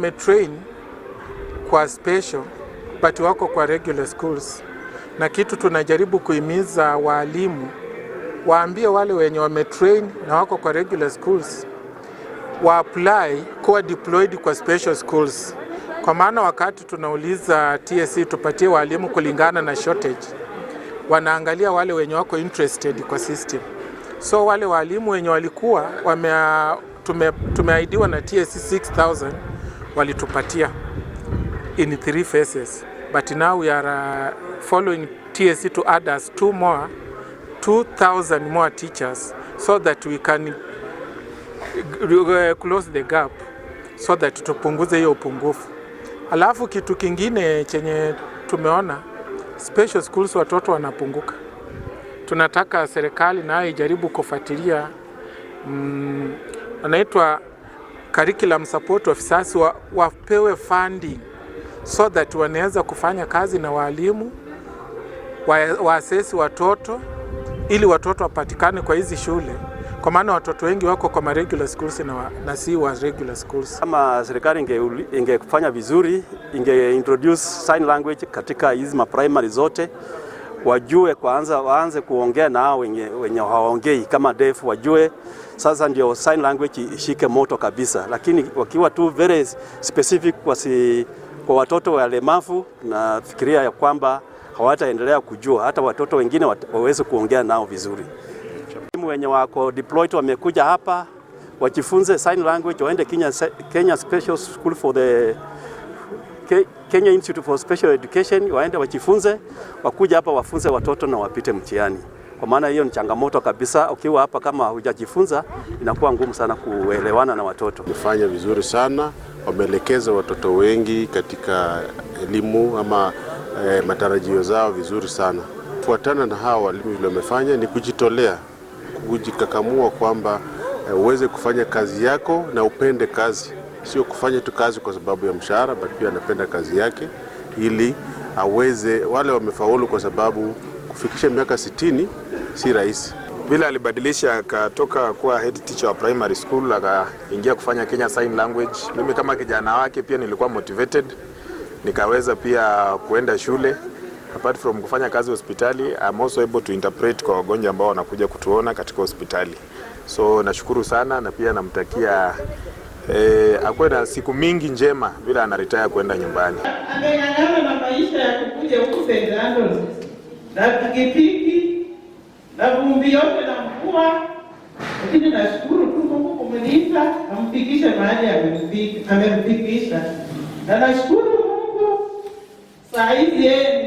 umetrain kwa special but wako kwa regular schools, na kitu tunajaribu kuhimiza waalimu waambie wale wenye wametrain na wako kwa regular schools wa apply kuwa deployed kwa special schools, kwa maana wakati tunauliza TSC e tupatie walimu kulingana na shortage, wanaangalia wale wenye wako interested kwa system. So wale walimu wenye walikuwa wamea, tume, tumeahidiwa na TSC 6000 e walitupatia in three phases but now we are uh, following TSC e to add us two more 2,000 more teachers so that we can uh, close the gap so that tupunguze hiyo upungufu. Alafu kitu kingine chenye tumeona special schools watoto wanapunguka. Tunataka serikali nayo ijaribu kufuatilia mm, wanaitwa curriculum support officers wa, wapewe funding so that wanaweza kufanya kazi na walimu waasesi watoto ili watoto wapatikane kwa hizi shule, kwa maana watoto wengi wako kwa ma regular schools na, wa, na si wa regular schools. Kama serikali ingefanya inge vizuri, inge introduce sign language katika hizi ma primary zote, wajue kwanza, waanze kuongea na hao wenye, wenye hawaongei kama defu, wajue sasa ndio sign language ishike moto kabisa, lakini wakiwa tu very specific kwa, si, kwa watoto walemavu, nafikiria ya kwamba hawataendelea kujua, hata watoto wengine waweze kuongea nao vizuri. Wenye wako deployed wamekuja hapa wajifunze sign language, waende Kenya, Kenya Special School for the Kenya Institute for Special Education, waende wajifunze, wakuja hapa wafunze watoto na wapite mtihani, kwa maana hiyo ni changamoto kabisa. Ukiwa hapa kama hujajifunza inakuwa ngumu sana kuelewana na watoto. Wamefanya vizuri sana, wameelekeza watoto wengi katika elimu ama eh, matarajio zao vizuri sana. Kufuatana na hawa walimu vile wamefanya ni kujitolea, kujikakamua kwamba eh, uweze kufanya kazi yako na upende kazi, sio kufanya tu kazi kwa sababu ya mshahara, bali pia anapenda kazi yake ili aweze. Wale wamefaulu kwa sababu kufikisha miaka sitini si rahisi vile alibadilisha akatoka kuwa head teacher wa primary school akaingia kufanya Kenya Sign Language. Mimi kama kijana wake pia nilikuwa motivated nikaweza pia kuenda shule. Apart from kufanya kazi hospitali, I'm also able to interpret kwa wagonjwa ambao wanakuja kutuona katika hospitali. So nashukuru sana na pia namtakia eh, akuwe na siku mingi njema bila retire kuenda nyumbani. Ang'ang'ane na maisha ya kukuja huku St. Andrews na pikipiki na vumbi yote na mvua, lakini nashukuru tu Mungu kumlinda amfikishe mahali amemfikisha, na nashukuru 来一点。